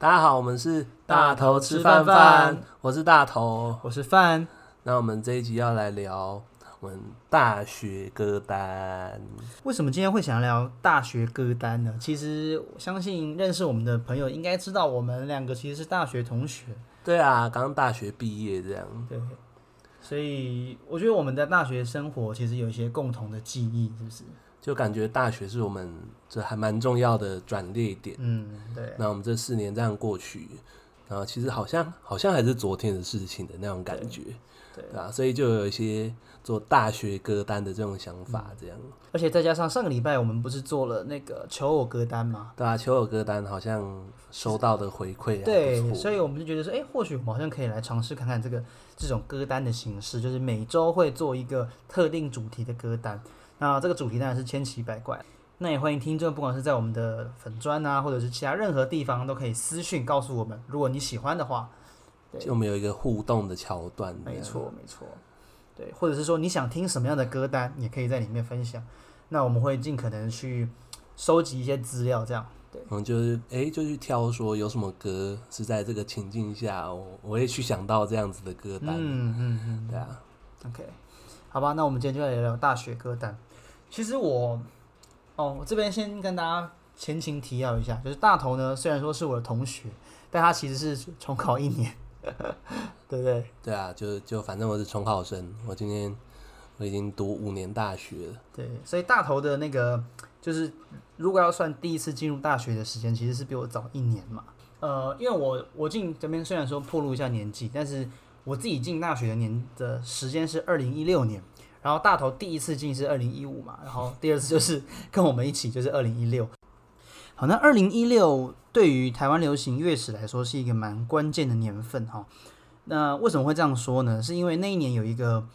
大家好，我們是大頭吃飯飯，飯飯，我是大頭，我是飯。那我們這一集要來聊我們大學歌單。為什麼今天會想要聊大學歌單呢？其實，相信認識我們的朋友應該知道，我們兩個其實是大學同學。對啊，剛大學畢業這樣。對，所以我覺得我們的大學生活其實有一些共同的記憶，是不是？就感覺大學是我們這還蠻重要的轉捩點，嗯，對。那我們這四年這樣過去，然後其實好像好像還是昨天的事情的那種感覺，對,對,對啊，所以就有一些做大學歌單的這種想法，這樣。而且再加上上個禮拜我們不是做了那個求偶歌單嗎？對啊，求偶歌單好像收到的回饋啊，對，所以我們就覺得說，哎，或許我們好像可以來嘗試看看這個這種歌單的形式，就是每周會做一個特定主題的歌單。那這個主題當然是千奇百怪，那也歡迎聽眾，不管是在我們的粉專啊，或者是其他任何地方，都可以私訊告訴我們。如果你喜歡的話，對，我們有一個互動的橋段沒，沒錯沒錯，對，或者是說你想聽什麼樣的歌單，也可以在裡面分享，那我們會盡可能去收集一些資料，這樣，對，我們就是哎、欸，就去挑說有什麼歌是在這個情境下，我，我也去想到這樣子的歌單，嗯嗯嗯，嗯對啊，OK，好吧，那我們今天就來聊聊大學歌單。其實我，哦，我這邊先跟大家前情提要一下，就是大頭呢，雖然說是我的同學，但他其實是重考一年，呵呵對不對？對啊，就就反正我是重考生，我今天我已經讀五年大學了。對，所以大頭的那個就是，如果要算第一次進入大學的時間，其實是比我早一年嘛。呃，因為我我進這邊雖然說暴露一下年紀，但是我自己進大學的年的時間是二零一六年。然後大頭第一次進是二零一五嘛，然後第二次就是跟我們一起就是二零一六。好，那二零一六對於台灣流行樂史來說是一個蠻關鍵的年份哈、哦。那為什麼會這樣說呢？是因為那一年有一個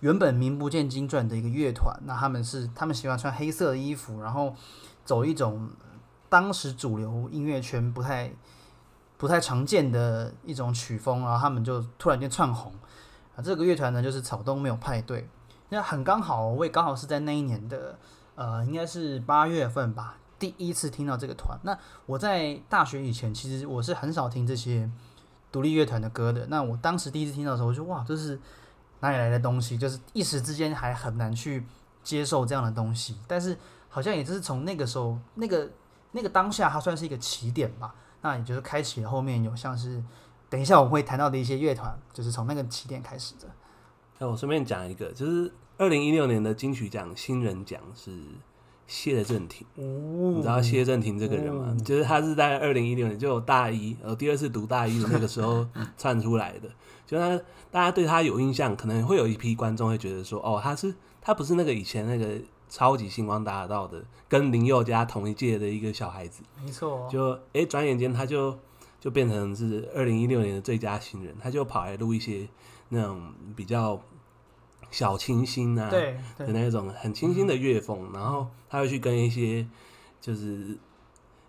原本名不見經傳的一個樂團，那他們是他們喜歡穿黑色的衣服，然後走一種當時主流音樂圈不太不太常見的一種曲風，然後他們就突然間竄紅啊。這個樂團呢就是草東沒有派對。那很剛好，我也剛好是在那一年的，呃，應該是八月份吧，第一次聽到這個團。那我在大學以前，其實我是很少聽這些獨立樂團的歌的。那我當時第一次聽到的時候我就，我說哇，這是哪裡來的東西？就是一時之間還很難去接受這樣的東西。但是好像也就是從那個時候，那個那個當下，它算是一個起點吧。那也就是開啟了後面有像是，等一下我們會談到的一些樂團，就是從那個起點開始的。那、啊、我順便講一個，就是二零一六年的金曲獎新人獎是謝震廷。哦、你知道謝震廷這個人嗎？嗯、就是他是在二零一六年，就大一，呃，第二次讀大一的那個時候竄出來的。 就他，大家對他有印象，可能會有一批觀眾會覺得說，哦，他是他不是那個以前那個超級星光大道的，跟林宥嘉同一屆的一個小孩子？沒錯、哦。就哎，欸、轉眼間他就就變成是二零一六年的最佳新人，他就跑來錄一些。那種比較小清新啊，對的那種很清新的樂風，然後他會去跟一些就是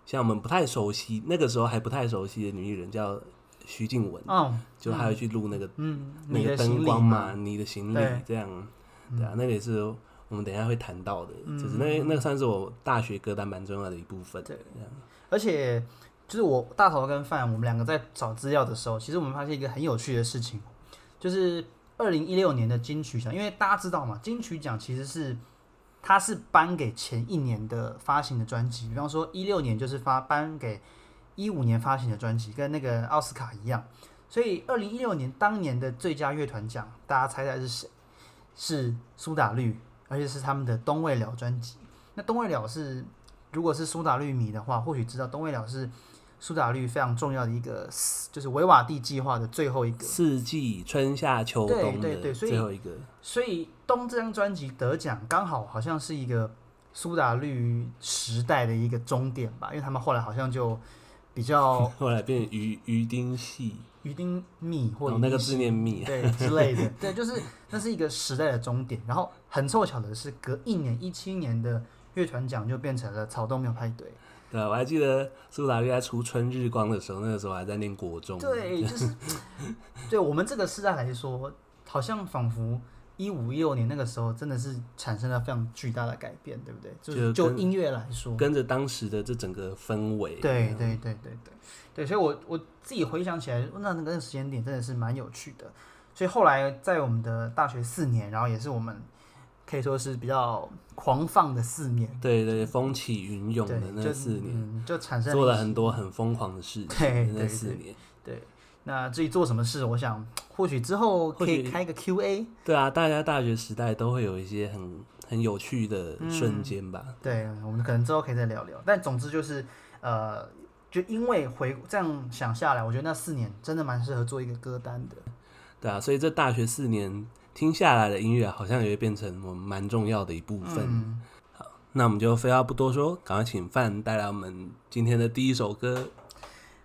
像我們不太熟悉，那個時候還不太熟悉的女藝人叫徐靖玟，哦，就他會去錄那個嗯，那個燈光嘛，你的行李這樣，對啊，那個也是我們等一下會談到的，就是那那個算是我大學歌單蠻重要的一部分，對，而且就是我大頭跟范，我們兩個在找資料的時候，其實我們發現一個很有趣的事情。就是二零一六年的金曲獎，因為大家知道嘛，金曲獎其實是它是頒給前一年的發行的專輯，比方說一六年就是發頒給一五年發行的專輯，跟那個奧斯卡一樣。所以二零一六年當年的最佳樂團獎，大家猜猜是誰？是蘇打綠，而且是他們的《東未了冬未了》專輯。那《冬未了》是，如果是蘇打綠迷的話，或許知道《冬未了》是，蘇打綠非常重要的一個，就是韋瓦第計劃的最後一個四季，春夏秋冬的最後一個。所以冬這張專輯得獎，剛好好像是一個蘇打綠時代的一個終點吧，因為他們後來好像就比較後來變成魚魚丁系、魚丁、魚丁蜜，或者、哦、那個字念蜜對 之類的，對，就是那是一個時代的終點。然後很湊巧的是，隔一年一七年的樂團獎就變成了草東沒有派對。對，我還記得蘇打綠在出《春日光》的時候，那個時候還在念國中。對，就,就是對我們這個時代來說，好像仿佛一五一六年那個時候，真的是產生了非常巨大的改變，對不對？就跟，就音樂來說，跟着當時的這整個氛圍。對對對對對對，對所以我，我我自己回想起來，那那個時間點真的是蠻有趣的。所以後來在我們的大學四年，然後也是我們。可以說是比較狂放的四年，對，對對，風起雲湧的那四年，就，嗯、就產生了做了很多很瘋狂的事情。那四年對對對，對。那至於做什麼事，我想或許之後可以開一個 Q&A。對啊，大家大學時代都會有一些很很有趣的瞬間吧，嗯。對，我們可能之後可以再聊聊。但總之就是，呃，就因為回這樣想下來，我覺得那四年真的蠻適合做一個歌單的。對啊，所以這大學四年。聽下來的音樂好像也會變成我們蠻重要的一部分。嗯，好，那我們就廢話不多說，趕快請范帶來我們今天的第一首歌。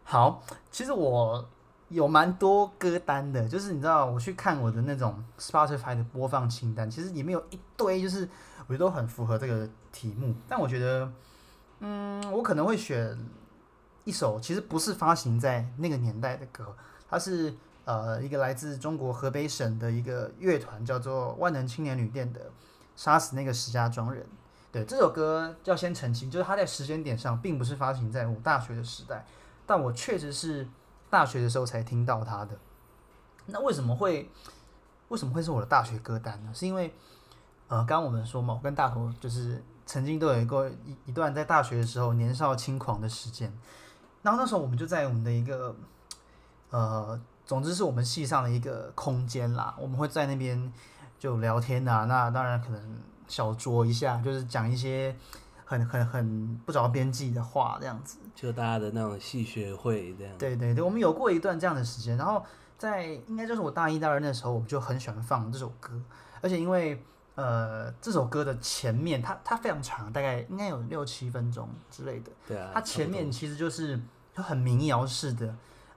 好，其實我有蠻多歌單的，就是你知道我去看我的那種 Spotify 的播放清單，其實裡面有一堆，就是我覺得都很符合這個題目。但我覺得，嗯，我可能會選一首，其實不是發行在那個年代的歌，它是。呃，一個來自中國河北省的一個樂團，叫做《萬能青年旅店》的，《殺死那個石家莊人》。對，這首歌要先澄清，就是它在時間點上並不是發行在我大學的時代，但我確實是大學的時候才聽到它的。那為什麼會，為什麼會是我的大學歌單呢？是因為，呃，剛剛我們說嘛，我跟大頭就是曾經都有一個一一段在大學的時候年少輕狂的時間，然後那時候我們就在我們的一個，呃。總之是我們系上的一個空間啦，我們會在那邊就聊天吶、啊。那當然可能小酌一下，就是講一些很很很不着邊際的話這樣子。就大家的那種系學會這樣。對對對，我們有過一段這樣的時間。然後在應該就是我大一、大二那時候，我們就很喜歡放這首歌。而且因為呃這首歌的前面，它它非常長，大概應該有六七分鐘之類的。對啊。它前面其實就是就很民謠式的。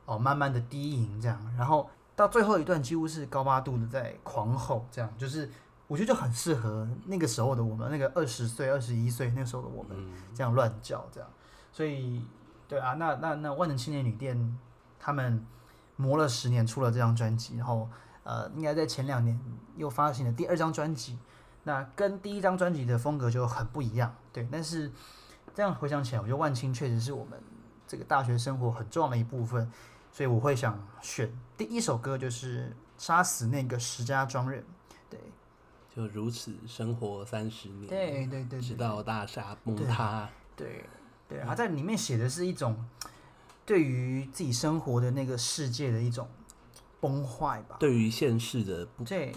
哦，慢慢的低吟這樣，然後到最後一段幾乎是高八度的在狂吼，這樣，就是我覺得就很適合那個時候的我們，那個二十歲、二十一歲那個時候的我們這樣亂叫這樣，所以對啊，那那那萬能青年旅店他們磨了十年出了這張專輯，然後呃應該在前兩年又發行了第二張專輯，那跟第一張專輯的風格就很不一樣，對，但是這樣回想起來，我覺得萬青確實是我們這個大學生活很重要的一部分。所以我會想選第一首歌，就是殺死那個石家莊人。對，就如此生活三十年，對對對，對對對直到大廈崩塌。對對，然、嗯、在裡面寫的是一種對於自己生活的那個世界的一種崩壞吧，對於現世的不這，對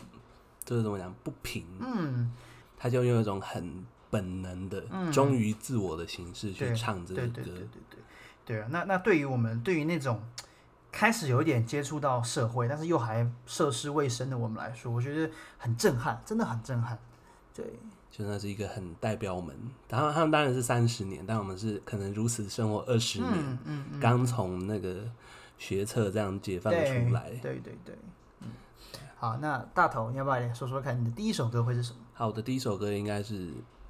就是怎麼講不平。嗯，他就用一種很本能的忠、嗯、於自我的形式去唱這首歌對。對對對對，對，對啊，那那對於我們對於那種。開始有一點接觸到社會，但是又還涉世未深的我們來說，我覺得很震撼，真的很震撼。對，就那是一個很代表我們。當然他們當然是三十年，但我們是可能如此生活二十年，剛從、嗯嗯嗯、那個學測這樣解放出來對。對對對，嗯。好，那大頭，你要不要說說看，你的第一首歌會是什麼？好，我的第一首歌應該是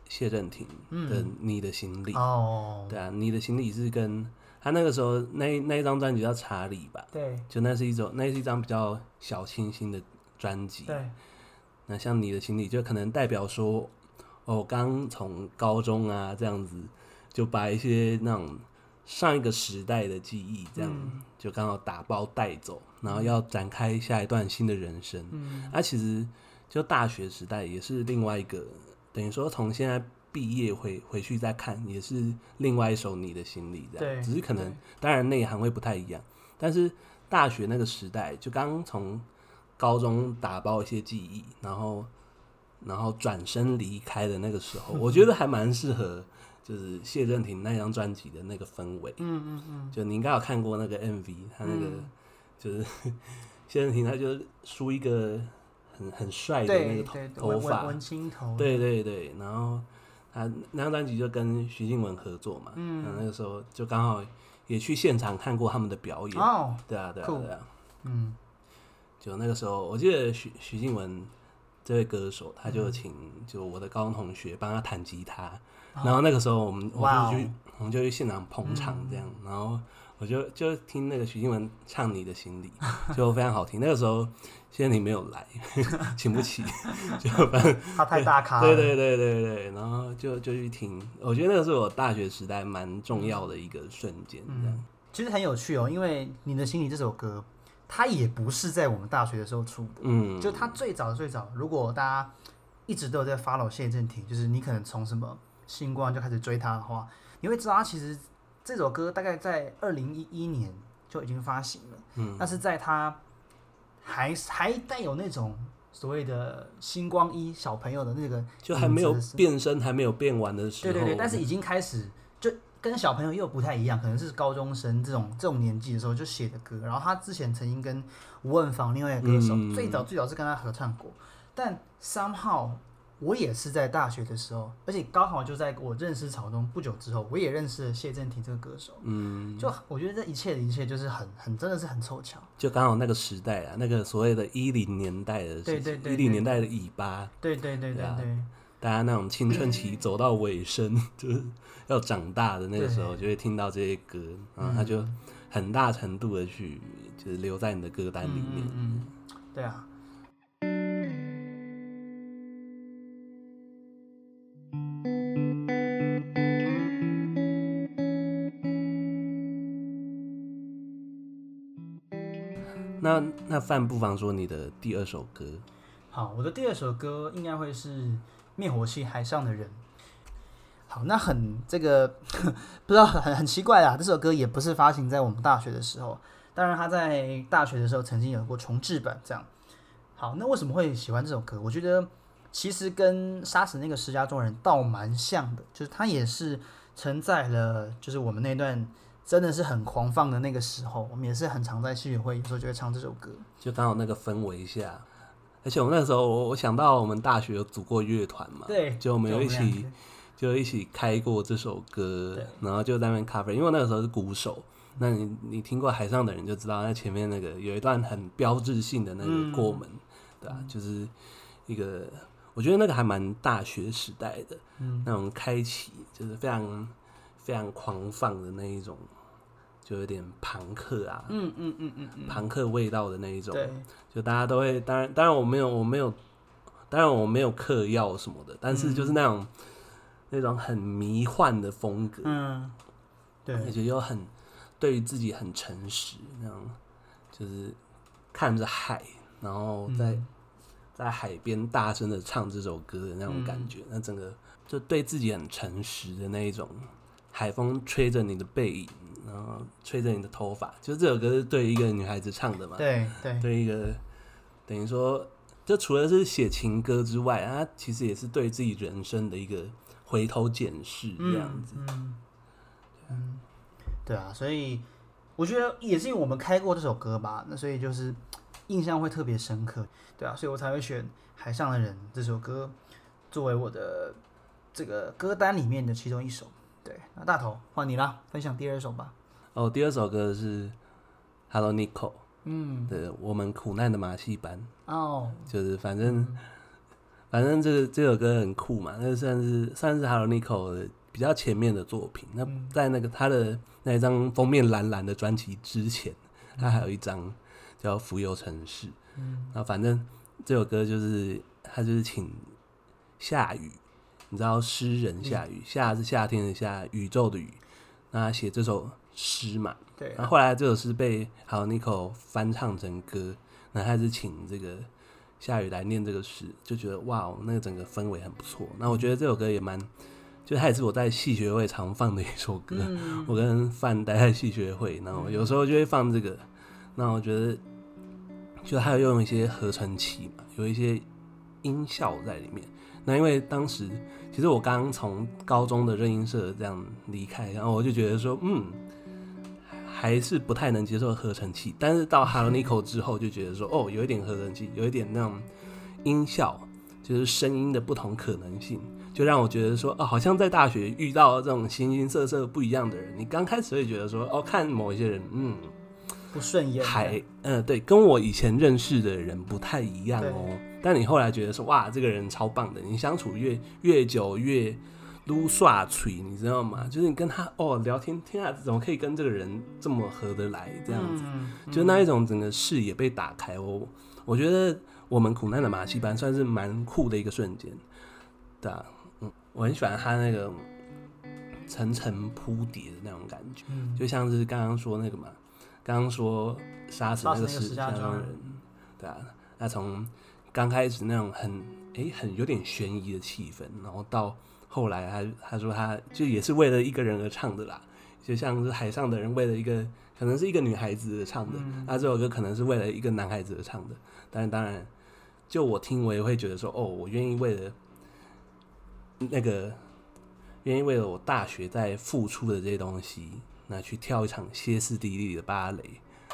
謝震廷的《你的行李》。哦，對啊，《你的行李》是跟。他、啊、那個時候，那那一張專輯叫《查理》吧？對，就那是一種，那是一張比較小清新的專輯。對。那像你的行李就可能代表說，哦，剛從高中啊這樣子，就把一些那種上一個時代的記憶這樣，嗯、就剛好打包帶走，然後要展開下一段新的人生。嗯。那、啊、其實就大學時代也是另外一個，等於說從現在。畢業回回去再看也是另外一首你的行李這樣，對只是可能對當然內涵會不太一樣。但是大學那個時代，就剛從高中打包一些記憶，然後然後轉身離開的那個時候， 我覺得還蠻適合，就是謝震廷那張專輯的那個氛圍。嗯嗯嗯，嗯嗯，就你應該有看過那個 MV，他那個就是、嗯、 謝震廷，他就梳一個很很帥的那個頭，對對對，頭髮，文青頭對對對，然後。啊，他那張專輯就跟徐靖玟合作嘛，嗯，然後那個時候就剛好也去現場看過他們的表演，哦，對啊，酷對啊，對啊，嗯，就那個時候，我記得徐徐靖玟這位歌手，他就請就我的高中同學幫他彈吉他，嗯、然後那個時候我們我們就去、哦、我們就去現場捧場這樣，嗯、然後。我就就聽那個徐靖玟唱《你的行李》，就非常好聽。 那個時候，謝震廷你沒有來， 請不起， 就反正他太大咖了。對對對對，對然後就就去聽，我覺得那個是我大學時代蠻重要的一個瞬間。嗯、這樣其實很有趣哦，因為《你的行李》這首歌，它也不是在我們大學的時候出的，嗯，就它最早的最早，如果大家一直都有在 follow 謝震廷，就是你可能從什麼星光就開始追他的話，你會知道它其實。這首歌大概在二零一一年就已經發行了，嗯，但是在他還還帶有那種所謂的星光一小朋友的那個的，就還沒有變身，還沒有變完的時候，對對對，但是已經開始就跟小朋友又不太一樣，嗯，可能是高中生這種這種年紀的時候就寫的歌，然後他之前曾經跟吳汶芳另外一個歌手，嗯，最早最早是跟他合唱過，但 somehow。我也是在大學的時候，而且剛好就在我認識草東不久之後，我也認識了謝震廷這個歌手。嗯，就我覺得這一切的一切就是很很真的是很湊巧。就剛好那個時代啊，那個所謂的“一零年代的時”的，對，對對對，一零年代的尾巴，對，對對對對對，大家那種青春期走到尾聲，就是對 要長大的那個時候，就會聽到這些歌，對然後他就很大程度的去就是留在你的歌單裡面。嗯，對啊。那那范不妨說你的第二首歌。好，我的第二首歌應該會是《滅火器海上的人》。好，那很這個不知道很很奇怪啊，這首歌也不是發行在我們大學的時候，當然他在大學的時候曾經有過重制版這樣。好，那為什麼會喜歡這首歌？我覺得其實跟殺死那個石家莊人倒蠻像的，就是它也是承載了就是我們那段。真的是很狂放的那個時候，我們也是很常在聚會，有時候就會唱這首歌，就剛好那個氛圍一下。而且我那個時候，我想到我們大學有組過樂團嘛，對，就我們有一起對就一起開過這首歌，對然後就在那邊 cover。因為那個時候是鼓手，嗯、那你你聽過《海上的人》就知道，那前面那個有一段很標誌性的那個過門，嗯、對吧、啊？就是一個，我覺得那個還蠻大學時代的，嗯，那種開啟就是非常非常狂放的那一種。就有點朋克啊，嗯嗯嗯嗯，朋、嗯嗯嗯嗯、克味道的那一種，對，就大家都會，當然當然我沒有我沒有，當然我沒有嗑藥什麼的，但是就是那種、嗯、那種很迷幻的風格，嗯，對，而且又很對自己很誠實，那種就是看着海，然後在、嗯、在海邊大聲的唱這首歌的那種感覺，嗯、那整個就對自己很誠實的那一種，海風吹着你的背影。然後吹着你的頭髮，就是這首歌是對一個女孩子唱的嘛？對對，對，對一個等於說，就除了是寫情歌之外，啊，其實也是對自己人生的一個回頭檢視這樣子嗯。嗯，對啊，所以我覺得也是因為我們開過這首歌吧，那所以就是印象會特別深刻。對啊，所以我才會選《海上的人》這首歌作為我的這個歌單裡面的其中一首。對，那大頭換你啦，分享第二首吧。哦，第二首歌是《Hello Nico》。嗯，對，我們苦難的馬戲班。哦，嗯、就是反正，嗯、反正這這首歌很酷嘛。那算是算是《Hello Nico》的比較前面的作品。嗯、那在那個他的那一張封面藍藍的專輯之前，他還有一張叫《浮游城市》。嗯，那反正這首歌就是，他就是請下雨。你知道詩人夏宇，夏是夏天的夏，宇宙的宇。那他寫這首詩嘛，對、啊。那後，後來這首詩被 Hello Nico 翻唱成歌，那還是請這個夏宇來念這個詩，就覺得哇哦，那個、整個氛圍很不錯。那我覺得這首歌也蠻，就還是我在系學會常放的一首歌。嗯、我跟范待在系學會，然後有時候就會放這個。那我覺得，就還有用一些合成器嘛，有一些音效在裡面。那因為當時其實我剛從高中的熱音社這樣離開，然後我就覺得說，嗯，還是不太能接受合成器。但是到 Hello Nico 之後，就覺得說，哦，有一點合成器，有一點那種音效，就是聲音的不同可能性，就讓我覺得說，哦，好像在大學遇到這種形形色色不一樣的人。你剛開始會覺得說，哦，看某一些人，嗯，不順眼、啊，哎，嗯、呃，對，跟我以前認識的人不太一樣哦。但你後來覺得說哇，這個人超棒的，你相處越越久越擼刷錘，你知道嗎？就是你跟他哦聊天，天啊，怎麼可以跟這個人這麼合得來？這樣子，嗯嗯、就那一種整個視野被打開哦。我覺得我們苦難的馬戲班算是蠻酷的一個瞬間，對啊，嗯，我很喜歡他那個層層鋪疊的那種感覺，嗯、就像就是剛剛說那個嘛，剛剛說殺死那個石家莊人，對啊，他從。剛開始那種很哎、欸、很有點懸疑的氣氛，然後到後來他他說他就也是為了一個人而唱的啦，就像是海上的人為了一個可能是一個女孩子而唱的，那這首歌可能是為了一個男孩子而唱的。但是當然，就我聽我也會覺得說哦，我願意為了那個，願意為了我大學在付出的這些東西，那去跳一場歇斯底里的芭蕾。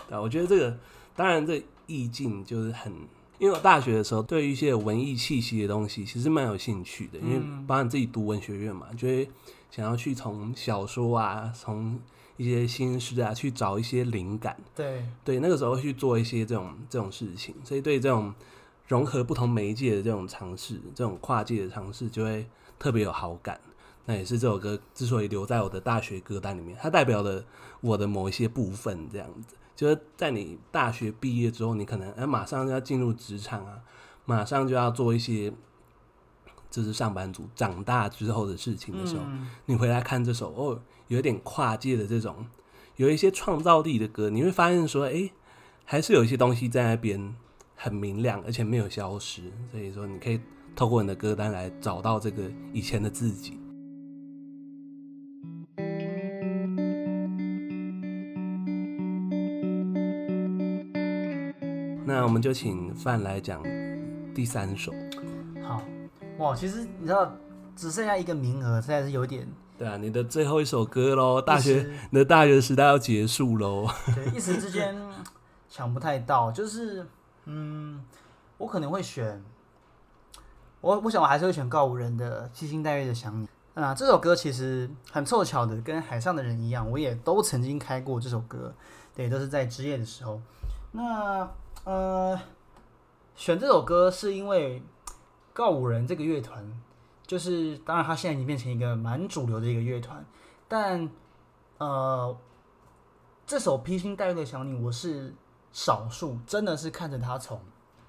那我覺得這個當然這意境就是很。因為我大學的時候，對於一些文藝氣息的東西，其實蠻有興趣的。嗯、因為包含自己讀文學院嘛，就會想要去從小說啊，從一些新詩啊，去找一些靈感。對對，那個時候會去做一些這種這種事情，所以對這種融合不同媒介的這種嘗試，這種跨界的嘗試，就會特別有好感。那也是這首歌之所以留在我的大學歌單裡面，它代表了我的某一些部分，這樣子。就是在你大學畢業之後，你可能哎、呃、馬上就要進入職場啊，馬上就要做一些就是上班族長大之後的事情的時候，嗯、你回來看這首哦，有點跨界的這種，有一些創造力的歌，你會發現說，哎、欸，還是有一些東西在那邊很明亮，而且沒有消失，所以說你可以透過你的歌單來找到這個以前的自己。我們就請范來講第三首。好，哇，其實你知道只剩下一個名額，實在是有點……對啊，你的最後一首歌嘍，時大學你的大學時代要結束嘍。對，一時之間想不太到， 就是嗯，我可能會選我，我想我還是會選告五人的披星戴月的想你啊。這首歌其實很湊巧的，跟海上的人一樣，我也都曾經開過這首歌，對，都是在畢業的時候。那呃，選這首歌是因為告五人這個樂團，就是當然他現在已經變成一個蠻主流的一個樂團，但呃，這首披星戴月的想你，我是少數真的是看着他從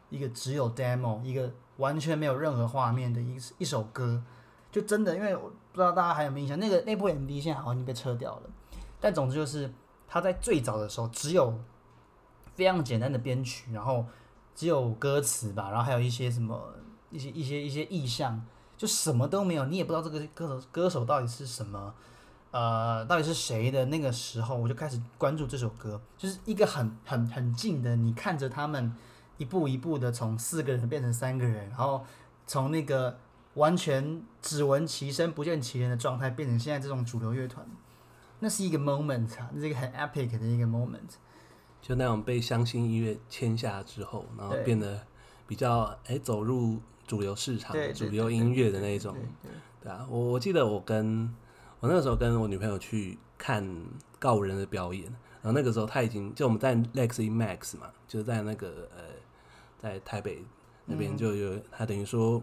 一個只有 demo，一個完全沒有任何畫面的一一首歌，就真的因為我不知道大家還有沒有印象，那個那部 MV 現在好像已經被撤掉了，但總之就是他在最早的時候只有。非常簡單的編曲，然後只有歌詞吧，然後還有一些什麼一些一些一些意象，就什麼都沒有，你也不知道這個歌手歌手到底是什麼，呃，到底是誰的那個時候，我就開始關注這首歌，就是一個很很很近的，你看着他們一步一步的從四個人變成三個人，然後從那個完全只聞其聲不見其人的狀態，變成現在這種主流樂團，那是一個 moment 啊，那是一個很 epic 的一個 moment。就那種被相信音樂簽下之後，然後變得比較哎對、欸、走入主流市場、對對對對主流音樂的那種，對，對，對，對，對啊，我我記得我跟我那時候跟我女朋友去看告五人的表演，然後那個時候他已經就我們在 leximax 嘛，就是在那個呃在台北那邊就有、嗯、他等於說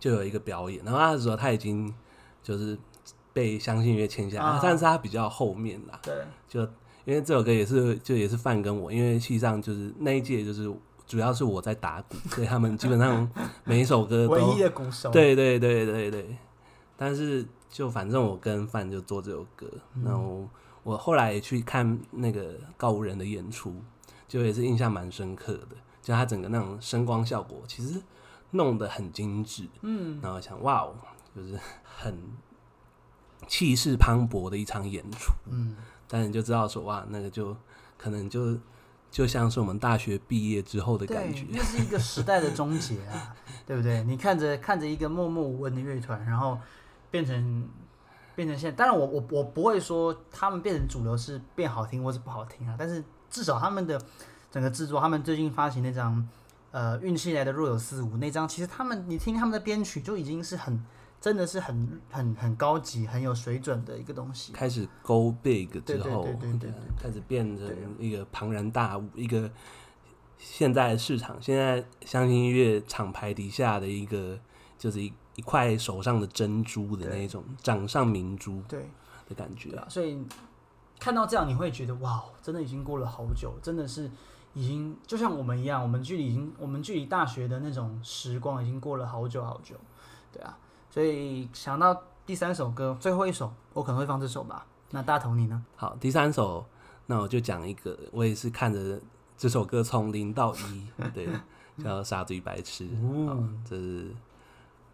就有一個表演，然後那時候他已經就是被相信音樂簽下，啊、但是他比較後面啦，對就。因為這首歌也是，就也是范跟我，因為戲上就是那一屆，就是主要是我在打鼓， 所以他們基本上每一首歌都我一的功手。對對對對對，但是就反正我跟范就做這首歌，嗯、然後我，我後來去看那個告五人的演出，就也是印象蠻深刻的，就他整個那種聲光效果其實弄得很精致，嗯，然後想哇哦，就是很氣勢磅礴的一場演出，嗯。但你就知道說哇，那個就可能就就像是我們大學畢業之後的感覺，那是一個時代的終結啊， 對不對？你看着看着一個默默無聞的樂團，然後變成變成現在，當然我我我不會說他們變成主流是變好聽或是不好聽啊，但是至少他們的整個製作，他們最近發行那張呃運氣來的若有似無那張，其實他們你聽他們的編曲就已經是很。真的是很很很高級、很有水準的一個東西。開始 go big 之後，對對對，對，對，對，對，對，對，對開始變成一個龐然大物，對對對對一個現在市場對對對對現在相信音樂廠牌底下的一個，就是一一塊手上的珍珠的那種對掌上明珠，對的感覺、啊對對對對。所以看到這樣，你會覺得哇，真的已經過了好久，真的是已經就像我們一樣，我們距離已經我們距離大學的那種時光已經過了好久好久，對啊。所以想到第三首歌，最後一首我可能會放這首吧。那大頭你呢？好，第三首那我就講一個，我也是看着這首歌從零到一 對，叫《傻子與白痴》嗯。嗯，這是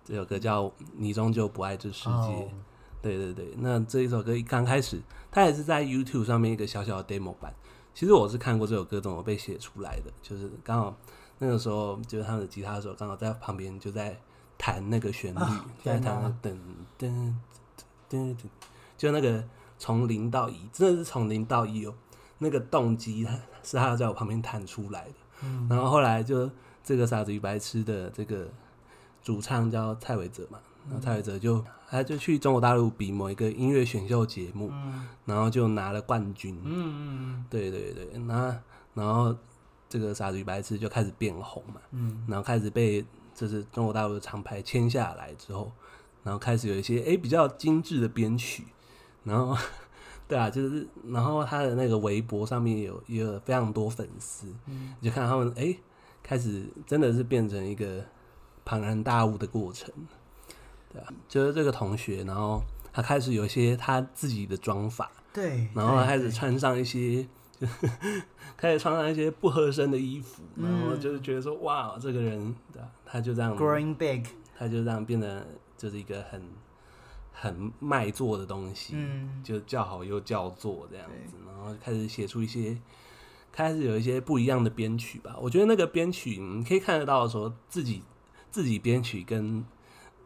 這首歌叫《你終究不愛這世界》。哦、對對對，那這一首歌一剛開始，它也是在 YouTube 上面一個小小的 demo 版。其實我是看過這首歌怎麼被寫出來的，就是剛好那個時候就是他們的吉他的手剛好在旁邊就在。彈那個旋律，在彈噔噔噔噔，就那個從零到一，真的是從零到一哦。那個動機是他在我旁邊彈出來的，嗯、然後後來就這個傻子與白痴的這個主唱叫蔡維澤嘛，然後蔡維澤就、嗯、他就去中國大陸比某一個音樂選秀節目，嗯、然後就拿了冠軍，嗯，嗯，嗯對對對，那然，然後這個傻子與白痴就開始變紅嘛，嗯、然後開始被。這是中國大陸的廠牌簽下來之後，然後開始有一些哎比較精致的編曲，然後，對啊，就是然後他的那個微博上面也有也有非常多粉絲，嗯、你就看他們哎開始真的是變成一個龐然大物的過程，對啊，就是這個同學，然後他開始有一些他自己的妝髮，對，然後他開始穿上一些。就開始穿上一些不合身的衣服，然後就是覺得說哇，這個人對吧？他就這樣 growing big，他就這樣變得就是一個很很賣座的東西，嗯，就叫好又叫座這樣子，然後開始寫出一些開始有一些不一樣的編曲吧。我覺得那個編曲你可以看得到的時候，自己自己編曲跟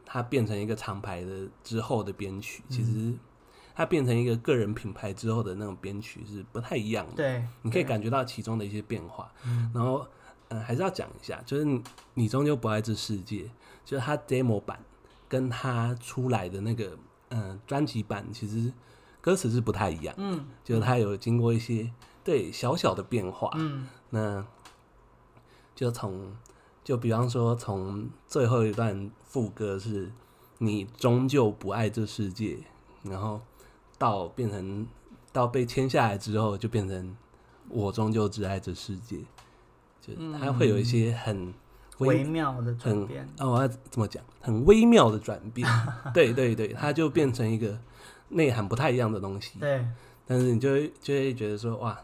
他變成一個廠牌的之後的編曲，其實。它變成一個個人品牌之後的那種編曲是不太一樣的，對，你可以感覺到其中的一些變化。然後，嗯，還是要講一下，就是你終究不愛這世界，就是他 demo 版跟他出來的那個嗯專輯版，其實歌詞是不太一樣，嗯，就是他有經過一些對小小的變化，嗯，那就從就比方說從最後一段副歌是你終究不愛這世界，然後，到變成到被簽下來之後，就變成我終究只愛這世界，嗯、就它會有一些很微的、微妙的轉變。哦，我要怎麼講？很微妙的轉變， 對對對，它就變成一個內涵不太一樣的東西。對，但是你就就會覺得說，哇，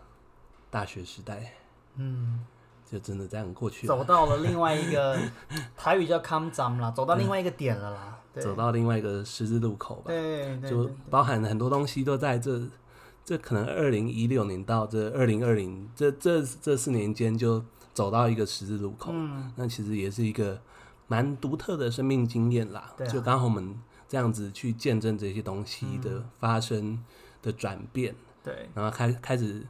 大學時代，嗯，就真的這樣過去，走到了另外一個 台語叫坎站啦，走到另外一個點了啦。嗯對對對對，走到另外一個十字路口吧，對，對，就包含很多東西都在這，這可能二零一六年到這二零二零這這這四年間就走到一個十字路口，嗯，那其實也是一個蠻獨特的生命經驗啦，對啊，就剛好我們這樣子去見證這些東西的發生的轉變，對，嗯，然後開開始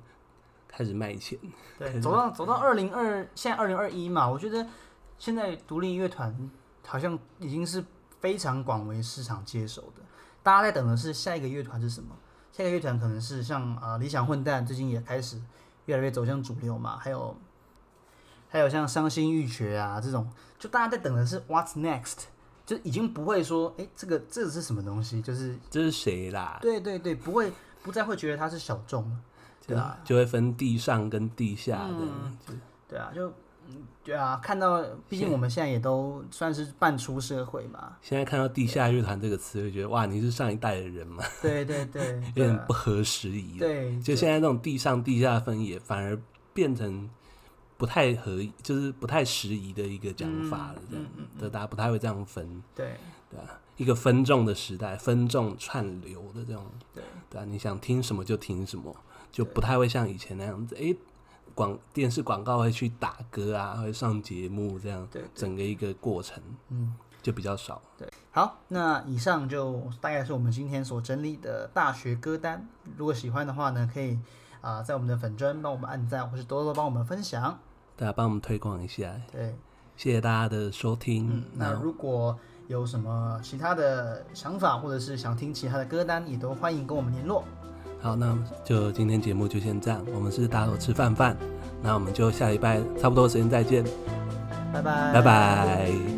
開始賣錢，對，開始賣，走到走到二零二現在二零二一嘛，我覺得現在獨立音樂團好像已經是。非常廣為市場接受的，大家在等的是下一個樂團是什麼？下一個樂團可能是像啊、呃、理想混蛋，最近也開始越來越走向主流嘛。還有還有像傷心欲絕啊這種，就大家在等的是 What's next？就已經不會說哎、欸，這個這個是什麼東西？就是這是誰啦？對對對，不會不再會覺得它是小眾了，對啊，就，就會分地上跟地下，這樣子、嗯，就對啊就。嗯，對啊，看到，畢竟我們現在也都算是半出社會嘛。現在看到地下樂團這個詞，會覺得對哇，你是上一代的人嘛？對對對，對啊、 有點不合時宜對、啊。對，就現在這種地上地下分野，反而變成不太合，對就是不太適宜的一個講法了，這樣，嗯嗯嗯嗯、就大家不太會這樣分。對對啊，一個分眾的時代，分眾串流的這種，對對啊，你想聽什麼就聽什麼，就不太會像以前那樣子，哎。廣電視廣告會去打歌啊，會上節目這樣，對，對，對整個一個過程，嗯，就比較少，嗯。對，好，那以上就大概是我們今天所整理的大學歌單。如果喜歡的話呢，可以啊、呃，在我們的粉專幫我們按讚，或是多多幫我們分享，大家、啊、幫我們推廣一下。對，謝謝大家的收聽。嗯、Now. 那如果有什麼其他的想法，或者是想聽其他的歌單，也都歡迎跟我們聯絡。好，那就今天節目就先這樣。我們是大口吃飯飯，那我們就下禮拜差不多時間再見，拜拜拜拜。拜拜。